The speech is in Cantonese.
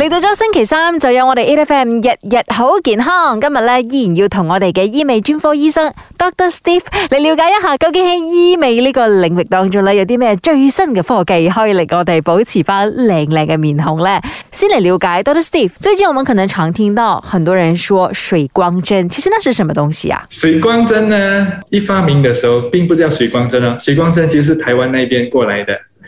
嚟到咗星期三，就有我哋 AFM 日日好健康。今日呢，依然要同我哋嘅醫美專科醫生 Dr. Steve 嚟了解一下，究竟喺醫美呢個領域當中呢，有啲咩最新嘅科技可以令我哋保持返靚靚嘅面孔呢？先嚟了解 Dr. Steve。最近我們可能常聽到很多人說水光針，其實那是什麼東西啊？水光針呢，一發明嘅時候並不叫水光針啊，水光針其實是台灣那邊過來的。